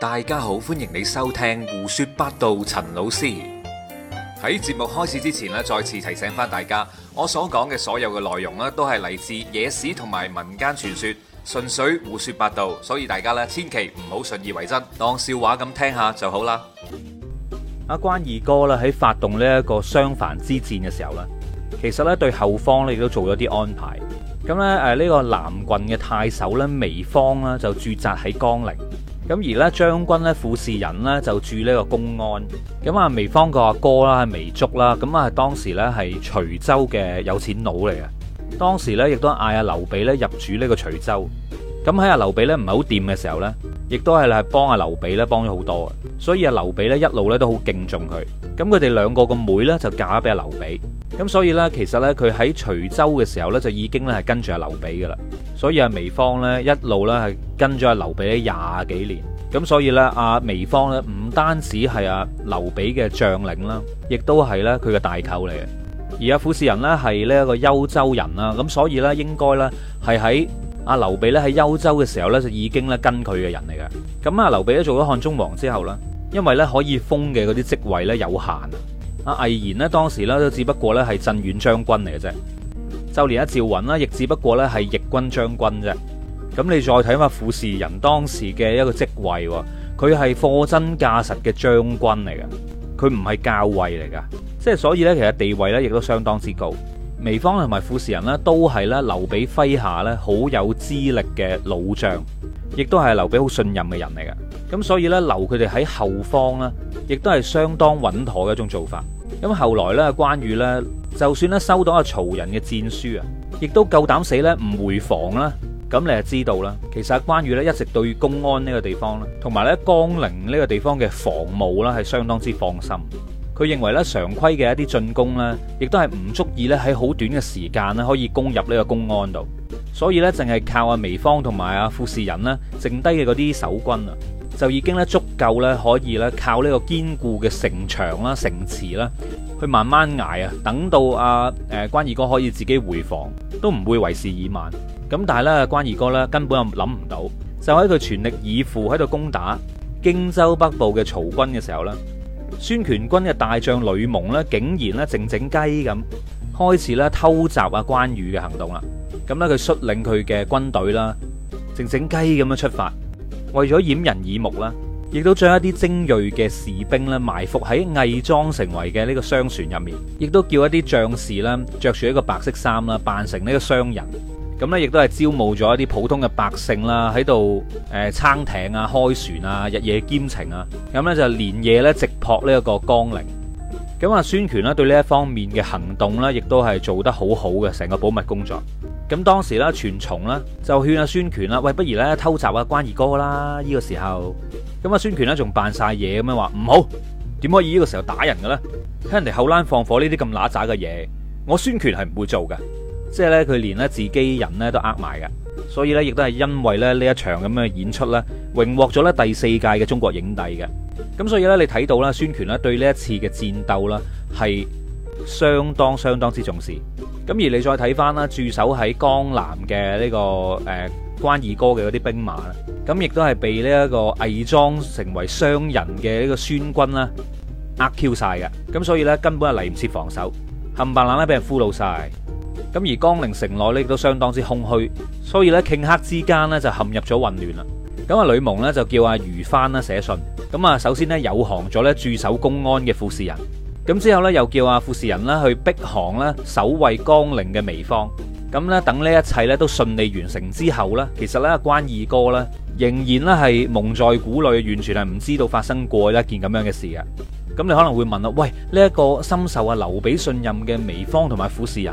大家好，歡迎你收聽胡說八道。陳老師喺節目開始之前再次提醒翻大家，我所講嘅所有嘅內容都係嚟自野史同埋民間傳說，純粹胡說八道，所以大家千祈唔好信以為真，當笑話咁聽下就好啦。阿關二哥啦，喺發動呢一個襄樊之戰嘅時候咧，其實咧對後方咧亦都做咗啲安排。咁誒，呢個南郡嘅太守咧，糜方就駐紮喺江陵。咁而咧，將軍咧，傅士仁咧就住呢個公安。咁啊，糜芳個阿哥啦，係糜竺啦，咁啊，當時咧係徐州嘅有錢佬嚟嘅。當時咧，亦都嗌阿劉備咧入主呢個徐州。咁喺阿劉備咧唔係好掂嘅時候咧，亦都係嚟幫阿劉備咧幫咗好多啊。所以阿劉備咧一路咧都好敬重佢。咁佢哋兩個個妹咧就嫁咗俾阿劉備。咁所以呢，其實呢，佢喺徐州嘅時候呢，就已經呢係跟住阿劉備噶啦，所以阿糜芳呢，一路呢係跟咗阿劉備廿幾年，咁所以呢，阿糜芳呢，唔單止係阿劉備嘅將領啦，亦都係呢佢嘅大舅嚟嘅。而阿、啊、傅士仁呢，係呢一個幽州人啦，咁所以呢，應該呢係喺阿劉備呢，喺幽州嘅時候呢，就已經呢跟佢嘅人嚟嘅。咁啊，劉備呢，做咗漢中王之後呢，因為呢可以封嘅嗰啲職位呢有限。魏延咧，當時咧都只不過咧係鎮遠將軍嚟嘅啫；就連阿趙雲啦，亦只不過咧係翊軍將軍啫。咁你再睇下傅士仁當時嘅一個職位，佢係貨真價實嘅將軍嚟嘅，佢唔係校尉嚟噶，即係所以咧，其實地位咧亦都相當之高。糜芳同埋傅士仁咧都係咧，劉備麾下咧好有資歷嘅老將，亦都係劉備好信任嘅人嚟嘅。咁所以咧留佢哋喺後方呢，亦都係相當穩妥嘅一種做法。咁後來咧，關羽咧，就算咧收到阿曹仁嘅戰書啊，亦都夠膽死咧，唔回防啦。咁你就知道啦，其實阿關羽咧，一直對公安呢個地方啦同埋咧江陵呢個地方嘅防務啦，係相當之放心。佢認為咧常規嘅一啲進攻咧，亦都係唔足以咧喺好短嘅時間咧，可以攻入呢個公安度。所以咧，淨係靠阿糜芳同埋阿傅士仁咧，剩低嘅嗰啲守軍啊。就已經咧足夠咧，可以咧靠呢個堅固嘅城牆啦、城池啦，去慢慢捱啊，等到阿誒關二哥可以自己回防，都唔會為時已晚。咁但係咧，關二哥咧根本又諗唔到，就喺佢全力以赴喺度攻打荊州北部嘅曹軍嘅時候咧，孫權軍嘅大將呂蒙咧，竟然咧靜靜雞咁開始咧偷襲阿關羽嘅行動啦。咁咧佢率領佢嘅軍隊啦，靜靜雞咁樣出發。為咗掩人耳目啦，亦都將一啲精銳嘅士兵咧埋伏喺偽裝成為嘅呢個商船入面，亦都叫一啲將士咧着住一個白色衫啦，扮成呢個商人。咁咧亦都係招募咗一啲普通嘅百姓啦，喺度誒撐艇啊、開船啊、日夜兼程啊。咁咧就連夜咧直撲呢一個江陵。咁啊，孫權呢對呢一方面嘅行動呢，亦都係做得好好嘅，成個保密工作。咁當時呢，全從呢就勸阿孫權啦，喂，不如呢偷襲阿關二哥啦，呢、呢個時候。咁啊，孫權呢仲扮晒嘢咁樣話，唔好點可以呢個時候打人嘅咧？聽人哋後欄放火呢啲咁揦雜嘅嘢，我孫權係唔會做嘅。即係呢，佢連呢自己人呢都呃埋嘅。所以呢，亦都係因為咧呢一場咁嘅演出呢，榮獲咗咧第四屆嘅中國影帝嘅。咁所以呢，你睇到啦，孫權呢對呢一次嘅戰鬥呢係相當相當之重視。咁而你再睇翻啦，駐守喺江南嘅呢個誒關二哥嘅嗰啲兵馬啦，咁亦都係被呢一個偽裝成為商人嘅呢個孫軍啦，呃 Q 晒嘅。咁所以呢，根本係嚟唔切防守，冚唪唥呢俾人俘虜晒。咁而江陵城內呢，亦都相當之空虛，所以呢，頃刻之間呢，就陷入咗混亂啦。咁啊，呂蒙咧就叫阿虞翻啦寫信，咁啊首先咧誘降咗咧駐守公安嘅傅士仁，咁之後咧又叫阿傅士仁啦去逼降啦守衛江陵嘅糜芳，咁咧等呢一切咧都順利完成之後咧，其實咧關二哥咧仍然咧係蒙在鼓裏，完全係唔知道發生過呢一件咁樣嘅事嘅。咁你可能會問啊：「喂呢一個深受啊劉備信任嘅糜芳同埋傅士仁，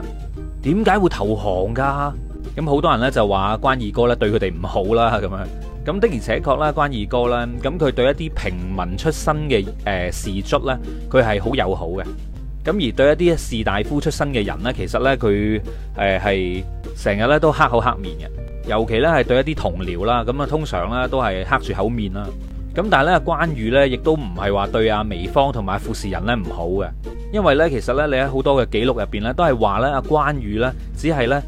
點解會投降噶？」咁好多人咧就話關二哥咧對佢哋唔好啦咁樣。咁的而且確啦，關二哥啦，咁佢對一啲平民出身嘅、呃、士卒呢，佢係好友好嘅。咁而對一啲士大夫出身嘅人呢，其實呢，佢係成日呢都黑口黑面嘅。尤其呢係對一啲同僚啦，咁啊通常呢都係黑住口面啦。咁但係咧，關羽呢亦都唔係話對阿糜芳同埋傅士仁呢唔好嘅，因為呢，其實呢，你喺好多嘅記錄入邊呢都係話呢，阿關羽呢只係呢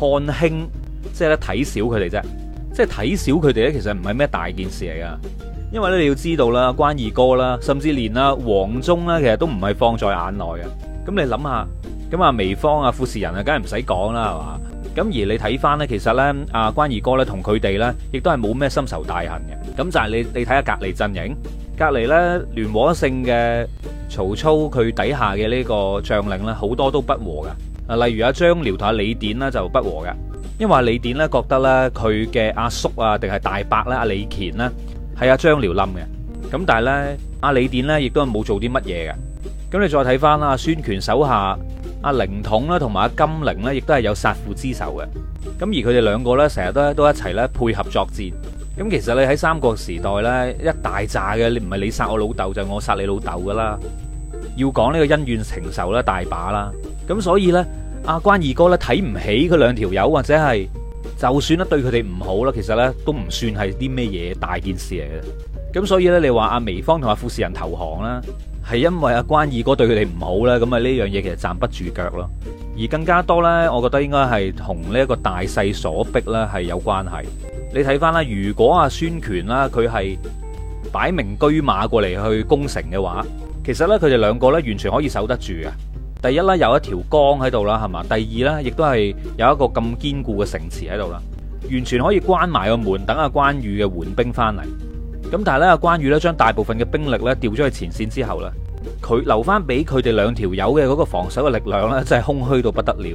看輕，即係咧睇小佢哋啫。即係睇小佢哋咧，其實唔係咩大件事嚟噶，因為咧你要知道啦，關二哥啦，甚至連阿黃忠啦，其實都唔係放在眼內嘅。咁你諗下，咁啊，糜芳啊，傅士仁啊，梗係唔使講啦，係嘛？咁而你睇翻咧，其實咧，阿關二哥咧同佢哋咧，亦都係冇咩深仇大恨嘅。咁就係你你睇下隔離陣營，隔離咧聯和性嘅曹操佢底下嘅呢個將領咧，好多都不和㗎。啊，例如阿張遼同阿李典呢，就不和㗎。因為李典咧覺得咧佢嘅阿叔啊，定係大伯咧，阿李乾咧係阿張遼冧嘅。咁但係咧阿李典呢亦都係冇做啲乜嘢嘅。咁你再睇翻啦，孫權手下阿凌統啦，同埋阿甘寧呢，亦都係有殺父之仇嘅。咁而佢哋兩個呢，成日咧都一齊咧配合作戰。咁其實你喺三國時代呢，一大扎嘅，你唔係你殺我老豆，就我殺你老豆噶啦。要講呢個恩怨情仇咧大把啦。咁所以呢。阿關二哥咧睇唔起佢兩條友，或者係就算咧對佢哋唔好啦，其實咧都唔算係啲咩嘢大件事嚟嘅。咁所以咧，你話阿糜芳同阿傅士仁投降啦，係因為阿關二哥對佢哋唔好咧，咁啊呢樣嘢其實站不住腳咯。而更加多呢，我覺得應該係同呢一個大勢所逼咧係有關係。你睇翻啦，如果阿孫權啦，佢係擺明車馬過嚟去攻城嘅話，其實咧佢哋兩個咧完全可以守得住嘅。第一啦，有一條江喺度啦，係嘛？第二啦，亦都係有一個咁堅固嘅城池喺度啦，完全可以關埋個門，等阿關羽嘅援兵翻嚟。咁但係咧，阿關羽咧將大部分嘅兵力咧調咗去前線之後咧，佢留翻俾佢哋兩條友嘅嗰個防守嘅力量咧，真係空虛到不得了。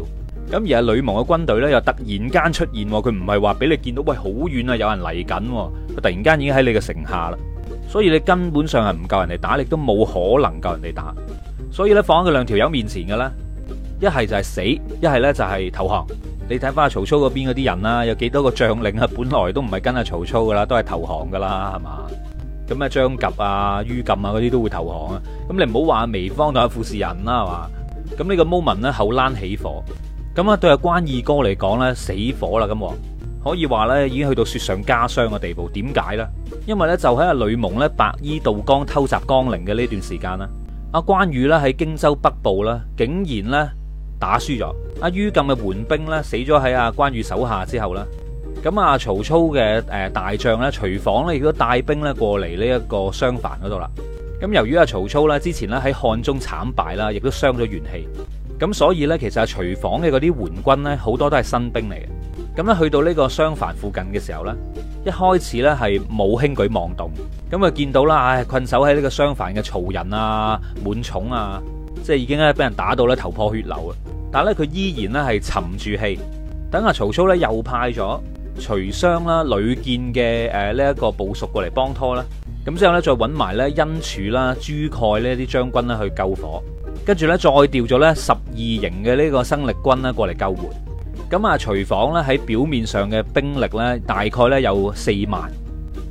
咁而阿呂蒙嘅軍隊咧又突然間出現，佢唔係話俾你見到，喂，好遠啊，有人嚟緊，佢突然間已經喺你嘅城下啦，所以你根本上係唔夠人哋打，亦都冇可能夠人哋打。所以咧放喺佢兩條友面前嘅啦，一係就係死，一係咧就係投降。你睇翻曹操嗰邊嗰啲人啦，有幾多個將領啊，本來都唔係跟阿曹操噶啦，都係投降噶啦，係嘛？咁啊張郃啊于禁啊嗰啲都會投降啊。咁你唔好話糜芳同阿傅士仁啦，係嘛？咁呢個 moment 呢，後欄起火，咁啊對阿關二哥嚟講呢，死火啦，咁可以話呢已經去到雪上加霜嘅地步。點解呢？因為呢，就喺阿呂蒙呢白衣渡江偷襲江陵嘅呢段時間啦。阿關羽啦喺荊州北部啦，竟然咧打輸咗。阿于禁嘅援兵咧死咗喺阿關羽手下之後啦，咁啊曹操嘅誒大將咧徐晃咧亦都帶兵咧過嚟呢一個襄樊嗰度啦。咁由於阿曹操咧之前咧喺漢中慘敗啦，亦都傷咗元氣，咁所以咧其實阿徐晃嘅嗰啲援軍咧好多都係新兵嚟嘅。咁咧去到呢個襄樊附近嘅時候呢，一開始呢係冇輕舉妄動，咁啊見到啦，唉困守喺呢個襄樊嘅曹仁啊、滿寵啊，即係已經咧俾人打到咧頭破血流啊，但係咧佢依然呢係沉住氣，等阿曹操呢又派咗徐商啦、呂建嘅誒呢一個部屬過嚟幫拖啦，咁之後呢，再揾埋咧殷柱啦、朱蓋呢啲將軍呢去救火，跟住呢，再調咗呢十二營嘅呢個生力軍咧過嚟救援。咁啊，廚房咧喺表面上嘅兵力咧，大概咧有四萬。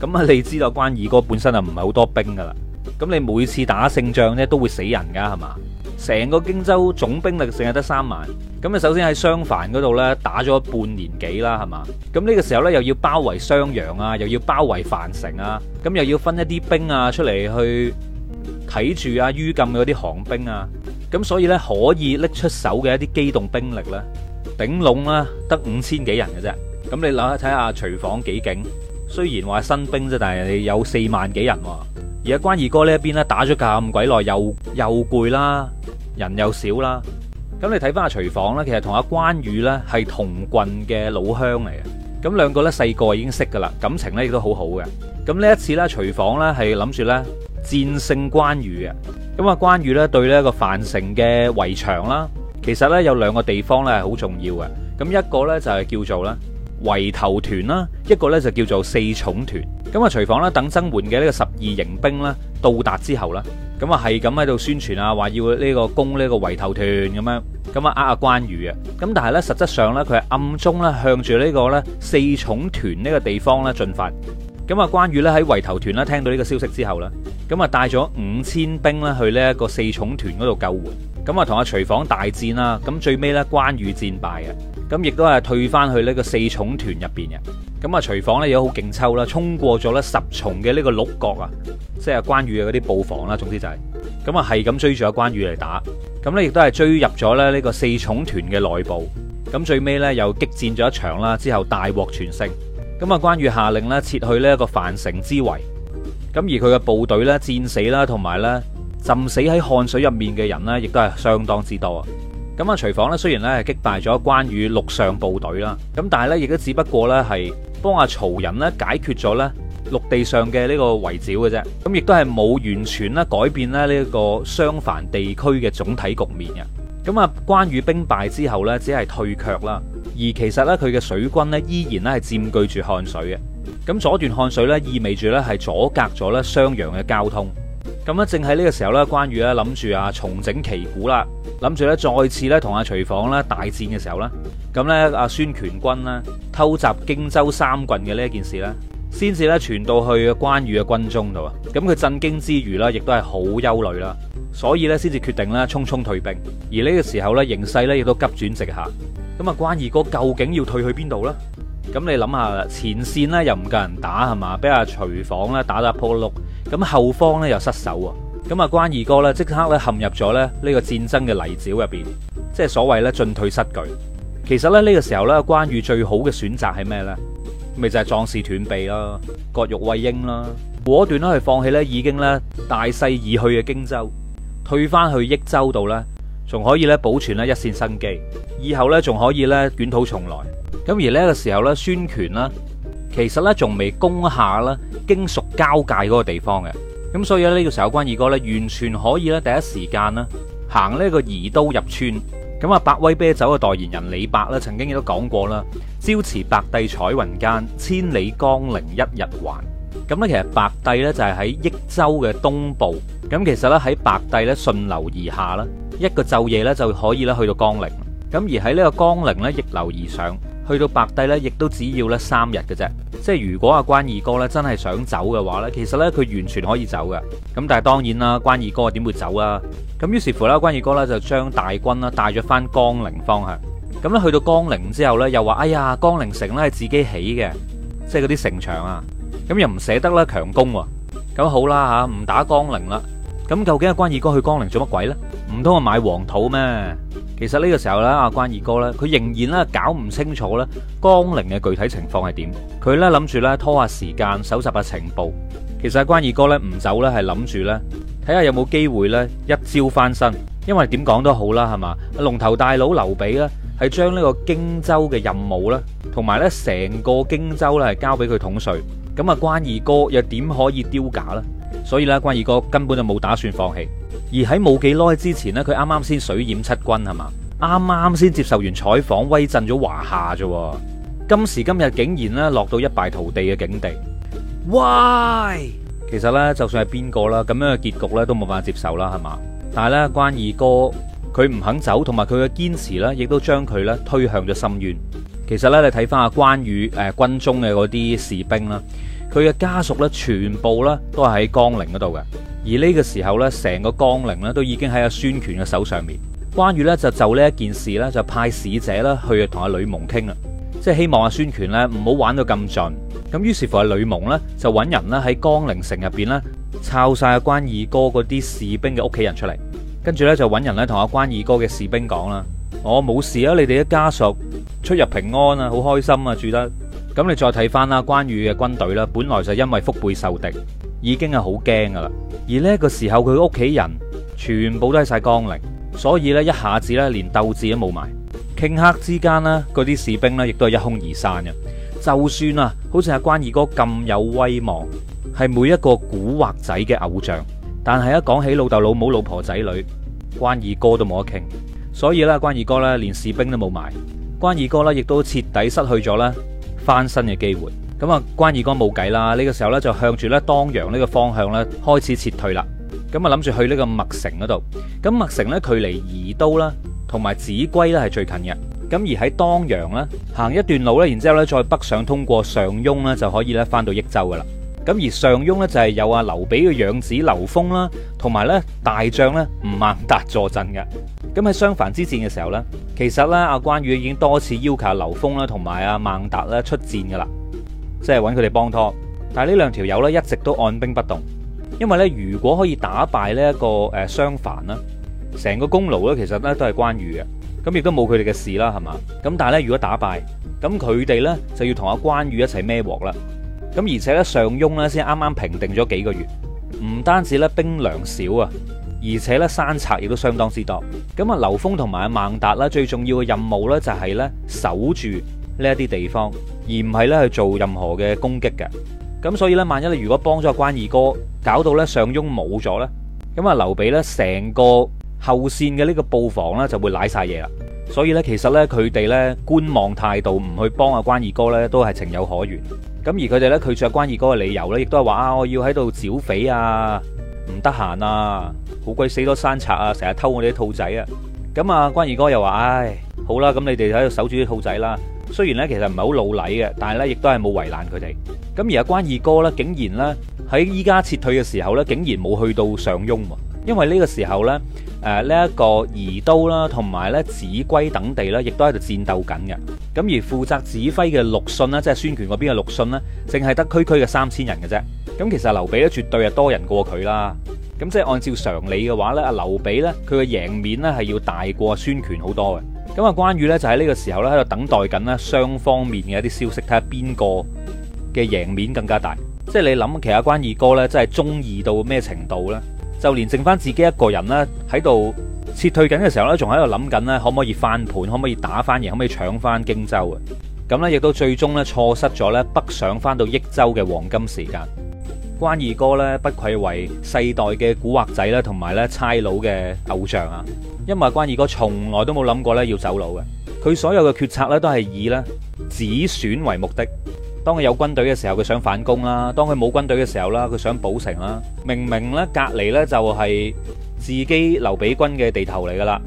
咁啊，你知道關二哥本身啊唔係好多兵噶啦。咁你每次打勝仗咧都會死人噶係嘛？成個荊州總兵力淨係得三萬。咁啊，首先喺襄樊嗰度咧打咗半年幾啦係嘛？咁呢個時候咧又要包圍襄陽啊，又要包圍樊城啊，咁又要分一啲兵啊出嚟去睇住啊於禁嗰啲降兵啊。咁所以咧可以拎出手嘅一啲機動兵力呢。頂籠啦，得五千幾人嘅啫。咁你睇下徐晃幾勁，雖然話新兵啫，但係有四萬幾人。而家關二哥呢一邊咧，打咗咁鬼耐，又又攰啦，人又少啦。咁你睇翻阿徐晃咧，其實同阿關羽咧係同郡嘅老鄉嚟嘅。咁兩個咧細個已經識噶啦，感情咧亦都好好嘅。咁呢一次咧，徐晃咧係諗住咧戰勝關羽嘅。咁阿關羽咧對呢個樊城嘅圍牆啦。其實咧有兩個地方咧係好重要嘅，咁一個咧就係叫做咧圍頭團啦，一個咧就叫做四重團。咁啊，廚房咧等增援嘅呢個十二營兵咧到達之後啦，咁啊係咁喺度宣傳啊，話要呢個攻呢個圍頭團咁樣，咁啊呃啊關羽啊。咁但係咧實質上咧佢係暗中咧向住呢個咧四重團呢個地方咧進發。咁啊，關羽咧喺圍頭團咧聽到呢個消息之後呢，咁啊帶咗五千兵咧去呢一個四重團嗰度救援，咁啊同阿徐晃大戰啦，咁最尾咧關羽戰敗啊，咁亦都係退翻去呢個四重團入邊嘅，咁啊徐晃咧有好勁抽啦，衝過咗咧十重嘅呢個鹿角啊，即係關羽嘅嗰啲布防啦，總之就係，是，咁啊係咁追住阿關羽嚟打，咁咧亦都係追入咗咧呢個四重團嘅內部，咁最尾咧又激戰咗一場啦，之後大獲全勝。咁啊，關羽下令呢撤去，呢一個樊城之圍，咁而佢嘅部隊呢，戰死啦，同埋呢浸死喺汗水入面嘅人呢，亦都係相當之多。咁啊，徐晃呢，雖然呢擊敗咗關羽陸上部隊啦，咁但係呢，亦都只不過呢係幫阿曹仁呢解決咗呢陸地上嘅呢個圍剿嘅啫，咁亦都係冇完全呢改變呢呢個襄樊地區嘅總體局面嘅。咁啊，關羽兵敗之後呢，只係退卻啦。而其實咧，佢嘅水軍咧，依然咧係佔據住漢水嘅。咁阻斷漢水咧，意味住咧係阻隔咗咧襄陽嘅交通。咁咧，正喺呢個時候咧，關羽咧諗住啊重整旗鼓啦，諗住咧再次咧同阿徐晃咧大戰嘅時候咧，咁咧阿孫權軍咧偷襲荊州三郡嘅呢一件事咧，先至咧傳到去關羽嘅軍中度，咁佢震驚之餘啦，亦都係好憂慮啦，所以咧先至決定咧匆匆退兵。而呢個時候咧，形勢咧亦都急轉直下。咁啊，關二哥究竟要退去邊度呢？咁你諗下啦，前綫呢，又唔夠人打係嘛，俾阿徐晃咧打得鋪碌，咁後方咧又失守啊。咁啊，關二哥咧即刻咧陷入咗咧呢個戰爭嘅泥沼入邊，即係所謂咧進退失據。其實咧呢個時候咧，關羽最好嘅選擇係咩呢？咪就係壯士斷臂啦，割肉餵鷹啦，果斷啦去放棄咧已經咧大勢已去嘅荊州，退翻去益州度咧，仲可以咧保存咧一線生機，以後咧仲可以咧捲土重來。咁而呢個時候咧，孫權啦，其實咧仲未攻下啦荊蜀交界嗰個地方嘅，咁所以呢個時候關二哥咧完全可以咧第一時間啦行呢個移都入川。咁啊，百威啤酒嘅代言人李白咧，曾經亦都講過啦：朝辭白帝彩雲間，千里江陵一日還。咁咧，其實白帝咧就係喺益州嘅東部。咁其實咧喺白帝咧順流而下啦，一個晝夜咧就可以咧去到江陵。咁而喺呢個江陵咧逆流而上。去到白帝咧，亦都只要咧三日嘅啫。即係如果阿關二哥咧真係想走嘅話呢，其實呢，佢完全可以走嘅。咁但係當然啦，關二哥點會走啊？咁於是乎啦，關二哥呢就將大軍啦帶咗翻江陵方向。咁咧去到江陵之後呢，又話哎呀，江陵城呢係自己起嘅，即係嗰啲城牆啊。咁又唔捨得啦，強攻。咁好啦吓，唔打江陵啦。咁究竟阿關二哥去江陵做乜鬼呢？唔通我買黃土咩？其實呢個時候咧，阿關二哥咧，佢仍然咧搞唔清楚咧江陵嘅具體情況係點，佢咧諗住咧拖下時間，搜集下情報。其實關二哥咧唔走咧係諗住咧睇下有冇機會咧一朝翻身，因為點講都好啦，係嘛，龍頭大佬劉備咧係將呢個荊州嘅任務咧同埋咧成個荊州咧係交俾佢統帥，咁啊關二哥又點可以丟架咧？所以咧，關二哥根本就冇打算放棄。而喺冇幾耐之前呢，佢啱啱先水淹七軍係嘛，啱啱先接受完採訪威震咗華夏啫。今時今日竟然咧落到一敗塗地嘅境地喂，其實呢，就算係邊個啦，咁樣嘅結局呢都冇法接受啦，係嘛？但係咧，關二哥佢唔肯走，同埋佢嘅堅持呢，亦都將佢呢推向咗深淵。其實呢，你睇翻啊關羽誒、呃、軍中嘅嗰啲士兵啦。佢嘅家屬咧，全部咧都係喺江陵嗰度嘅。而呢個時候咧，成個江陵咧都已經喺阿孫權嘅手上面。關羽咧就就呢一件事咧，就派使者咧去同阿呂蒙傾啦，即係希望阿孫權咧唔好玩到咁盡。咁於是乎阿呂蒙咧就揾人咧喺江陵城入邊咧抄晒阿關二哥嗰啲士兵嘅屋企人出嚟，着跟住咧就揾人咧同阿關二哥嘅士兵講啦：我、哦、冇事啊，你哋嘅家屬出入平安啊，好開心啊，住得。咁你再睇翻啦，關羽嘅軍隊啦，本來就因為腹背受敵，已經係好驚噶啦。而呢個時候，佢屋企人全部都係晒江陵，所以呢，一下子呢，連鬥志都冇埋。頃刻之間呢，嗰啲士兵呢，亦都係一哄而散嘅。就算啊，好似阿關二哥咁有威望，係每一個古惑仔嘅偶像，但係一講起老豆、老母、老婆、仔女，關二哥都冇得傾。所以呢關二哥呢，連士兵都冇埋，關二哥呢，亦都徹底失去咗啦。翻身嘅機會，咁啊關二哥冇計啦，呢個時候呢，就向住咧當陽呢個方向咧開始撤退啦，咁啊諗住去呢個麥城嗰度，咁麥城呢，距離宜都啦同埋秭歸呢係最近嘅，咁而喺當陽呢，行一段路呢，然之後呢，再北上通過上庸呢，就可以咧翻到益州噶啦，咁而上庸呢，就係有阿劉備嘅養子劉封啦，同埋呢大將呢，吳孟達坐鎮嘅，咁喺襄樊之戰嘅時候呢。其實咧，阿關羽已經多次要求劉封咧同埋阿孟達咧出戰噶啦，即係搵佢哋幫拖。但係呢兩條友咧一直都按兵不動，因為咧如果可以打敗呢一個誒襄樊啦，成個功勞咧其實咧都係關羽嘅，咁亦都冇佢哋嘅事啦，係嘛？咁但係咧如果打敗，咁佢哋咧就要同阿關羽一齊孭鑊啦。咁而且咧上庸咧先啱啱平定咗幾個月，唔單止咧兵糧少啊。而且咧，山賊亦都相當之多。咁啊，劉封同埋阿孟達啦，最重要嘅任務咧就係咧守住呢一啲地方，而唔係咧去做任何嘅攻擊嘅。咁所以咧，萬一你如果幫咗阿關二哥，搞到咧上庸冇咗咧，咁啊，劉備咧成個後線嘅呢個布防咧就會舐晒嘢啦。所以咧，其實咧佢哋咧觀望態度唔去幫阿關二哥咧都係情有可原。咁而佢哋咧拒絕關二哥嘅理由咧，亦都係話啊，我要喺度剿匪啊。唔得閒啊，好鬼死多山賊啊，成日偷我哋啲兔仔啊！咁啊，關二哥又話：唉，好啦，咁你哋喺度守住啲兔仔啦。雖然呢其實唔係好老禮嘅，但係呢亦都係冇為難佢哋。咁而家關二哥呢，竟然呢，喺依家撤退嘅時候呢，竟然冇去到上庸。因為呢個時候呢，誒呢一個宜都啦，同埋咧秭歸等地咧，亦都喺度戰鬥緊嘅。咁而負責指揮嘅陸遜啦，即係孫權嗰邊嘅陸遜呢，淨係得區區嘅三千人嘅啫。咁其實劉備咧，絕對係多人過佢啦。咁即係按照常理嘅話呢，阿劉備呢，佢嘅贏面呢，係要大過孫權好多嘅。咁啊，關羽呢，就喺呢個時候呢，喺度等待緊呢雙方面嘅一啲消息，睇下邊個嘅贏面更加大。即係你諗，其他關二哥呢，真係中意到咩程度呢？就連剩翻自己一個人呢，喺度撤退緊嘅時候呢，仲喺度諗緊呢，可唔可以翻盤，可唔可以打翻贏，可唔可以搶翻荊州啊？咁呢亦都最終呢，錯失咗呢北上翻到益州嘅黃金時間。關二哥呢，不愧為世代嘅古惑仔啦，同埋呢差佬嘅偶像啊！因為關二哥從來都冇諗過呢，要走佬嘅，佢所有嘅決策呢，都係以呢，止損為目的。當佢有軍隊嘅時候，佢想反攻啦；當佢冇軍隊嘅時候啦，佢想保城啦。明明咧隔籬咧就係自己劉備軍嘅地頭嚟噶啦，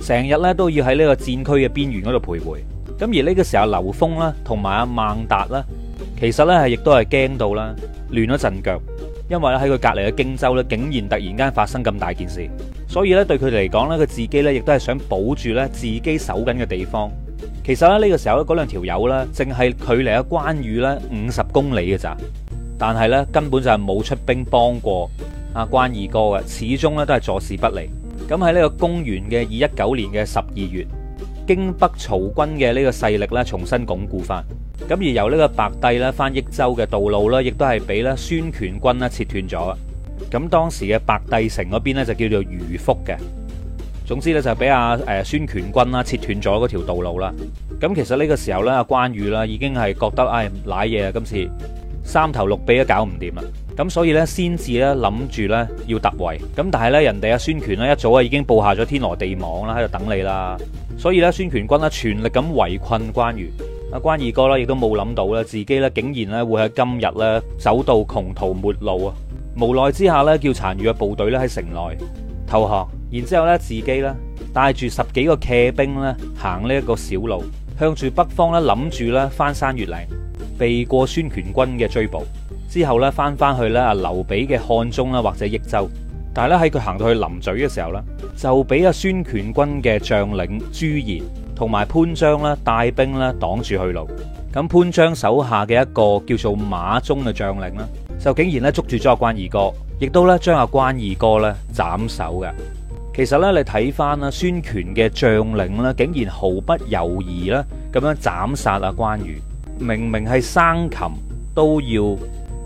成日咧都要喺呢個戰區嘅邊緣嗰度徘徊。咁而呢個時候，劉封啦同埋啊孟達呢，其實呢係亦都係驚到啦，亂咗陣腳。因為咧喺佢隔籬嘅荊州咧，竟然突然間發生咁大件事，所以呢，對佢嚟講咧，佢自己呢亦都係想保住呢自己守緊嘅地方。其實咧呢個時候咧嗰兩條友呢，淨係距離啊關羽呢五十公里嘅咋，但係呢根本就係冇出兵幫過阿關二哥嘅，始終呢都係坐視不理。咁喺呢個公元嘅二一九年嘅十二月，京北曹軍嘅呢個勢力呢重新鞏固翻，咁而由呢個白帝呢翻益州嘅道路呢，亦都係俾呢孫權軍呢切斷咗。咁當時嘅白帝城嗰邊呢，就叫做魚福嘅。總之咧就俾阿誒孫權軍啦切斷咗嗰條道路啦，咁其實呢個時候呢阿關羽啦已經係覺得唉瀨嘢啊，今次三頭六臂都搞唔掂啦，咁所以呢，先至呢諗住呢要突圍，咁但係呢，人哋阿孫權咧一早啊已經布下咗天羅地網啦喺度等你啦，所以呢，孫權軍呢全力咁圍困關羽，阿關二哥呢亦都冇諗到呢，自己呢竟然呢會喺今日呢走到窮途末路啊，無奈之下呢，叫殘餘嘅部隊呢喺城內投降。然之後咧，自己咧帶住十幾個騎兵咧，行呢一個小路，向住北方咧，諗住咧翻山越嶺，避過孫權軍嘅追捕。之後咧，翻翻去咧，劉備嘅漢中啦，或者益州。但係咧，喺佢行到去臨嘴嘅時候啦，就俾阿孫權軍嘅將領朱然同埋潘璋啦帶兵咧擋住去路。咁潘璋手下嘅一個叫做馬忠嘅將領啦，就竟然咧捉住咗阿關二哥，亦都咧將阿關二哥咧斬首嘅。其實咧，你睇翻啦，孫權嘅將領呢竟然毫不猶豫啦，咁樣斬殺阿關羽。明明係生擒都要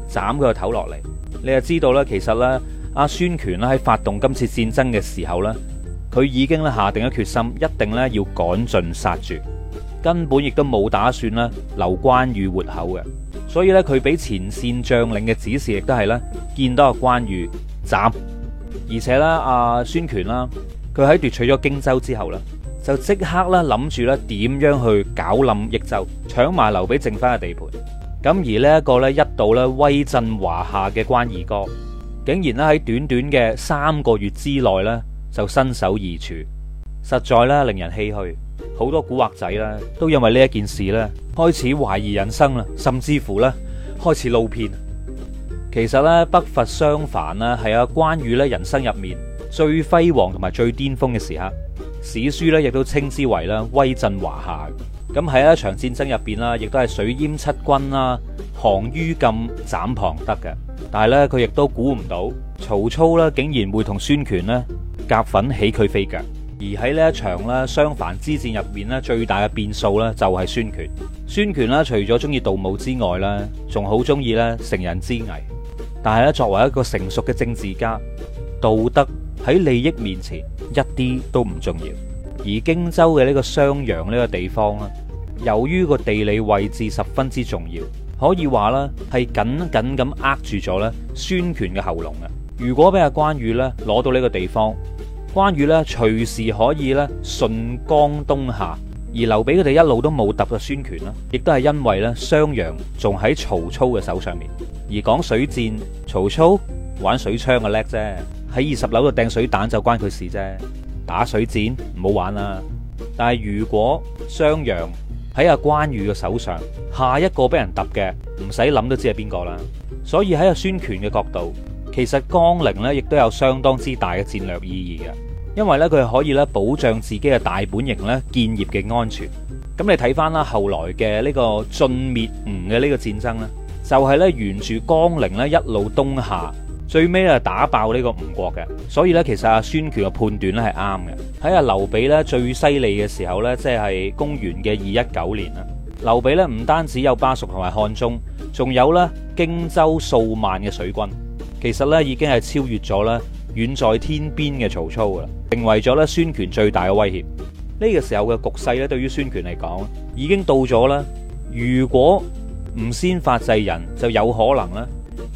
斬佢個頭落嚟，你就知道啦。其實咧，阿、啊、孫權咧喺發動今次戰爭嘅時候咧，佢已經咧下定咗決心，一定咧要趕盡殺絕，根本亦都冇打算咧留關羽活口嘅。所以咧，佢俾前線將領嘅指示亦都係咧，見到阿關羽斬。而且啦，阿、啊、孫權啦，佢喺奪取咗荊州之後呢，就即刻啦諗住咧點樣去搞冧益州，搶埋留俾剩翻嘅地盤。咁而呢一個咧一度咧威震華夏嘅關二哥，竟然咧喺短短嘅三個月之內咧就身首異處，實在咧令人唏噓。好多古惑仔咧都因為呢一件事咧開始懷疑人生啦，甚至乎咧開始露片。其實咧，北伐襄樊咧係阿關羽咧人生入面最輝煌同埋最巔峰嘅時刻，史書咧亦都稱之為啦威震華夏。咁喺一場戰爭入邊啦，亦都係水淹七軍啦，降于禁斬龐德嘅。但係咧，佢亦都估唔到曹操咧竟然會同孫權咧夾粉起佢飛腳。而喺呢一場咧襄樊之戰入面咧，最大嘅變數呢就係孫權。孫權啦，除咗中意盜墓之外啦，仲好中意咧成人之危。但係咧，作為一個成熟嘅政治家，道德喺利益面前一啲都唔重要。而荊州嘅呢個襄陽呢個地方啦，由於個地理位置十分之重要，可以話啦係緊緊咁扼住咗宣孫權嘅喉嚨。如果俾阿關羽咧攞到呢個地方，關羽咧隨時可以咧順江東下。而劉備佢哋一路都冇揼個孫權啦，亦都係因為呢，襄陽仲喺曹操嘅手上面。而講水戰，曹操玩水槍嘅叻啫，喺二十樓度掟水彈就關佢事啫。打水戰唔好玩啦。但係如果襄陽喺阿關羽嘅手上，下一個俾人揼嘅唔使諗都知係邊個啦。所以喺阿孫權嘅角度，其實江陵呢亦都有相當之大嘅戰略意義嘅。因為咧佢可以咧保障自己嘅大本營咧建業嘅安全，咁你睇翻啦後來嘅呢個晉滅吳嘅呢個戰爭呢就係咧沿住江陵咧一路東下，最尾啊打爆呢個吳國嘅，所以呢其實阿孫權嘅判斷咧係啱嘅。喺阿劉備呢最犀利嘅時候呢即係公元嘅二一九年啦，劉備呢唔單止有巴蜀同埋漢中，仲有咧荊州數萬嘅水軍，其實呢已經係超越咗咧。遠在天邊嘅曹操啦，成為咗咧孫權最大嘅威脅。呢個時候嘅局勢咧，對於孫權嚟講，已經到咗啦。如果唔先發制人，就有可能咧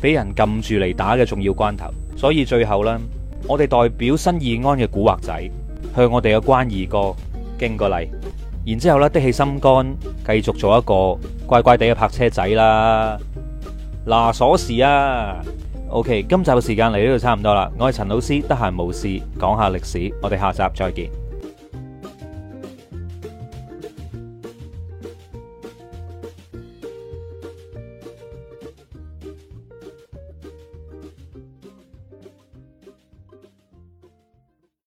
俾人撳住嚟打嘅重要關頭。所以最後呢，我哋代表新義安嘅古惑仔向我哋嘅關二哥敬個禮，然之後咧的起心肝，繼續做一個怪怪地嘅泊車仔啦。嗱，鎖匙啊！O.K. 今集嘅時間嚟呢度差唔多啦，我係陳老師，得閒無事講下歷史，我哋下集再見。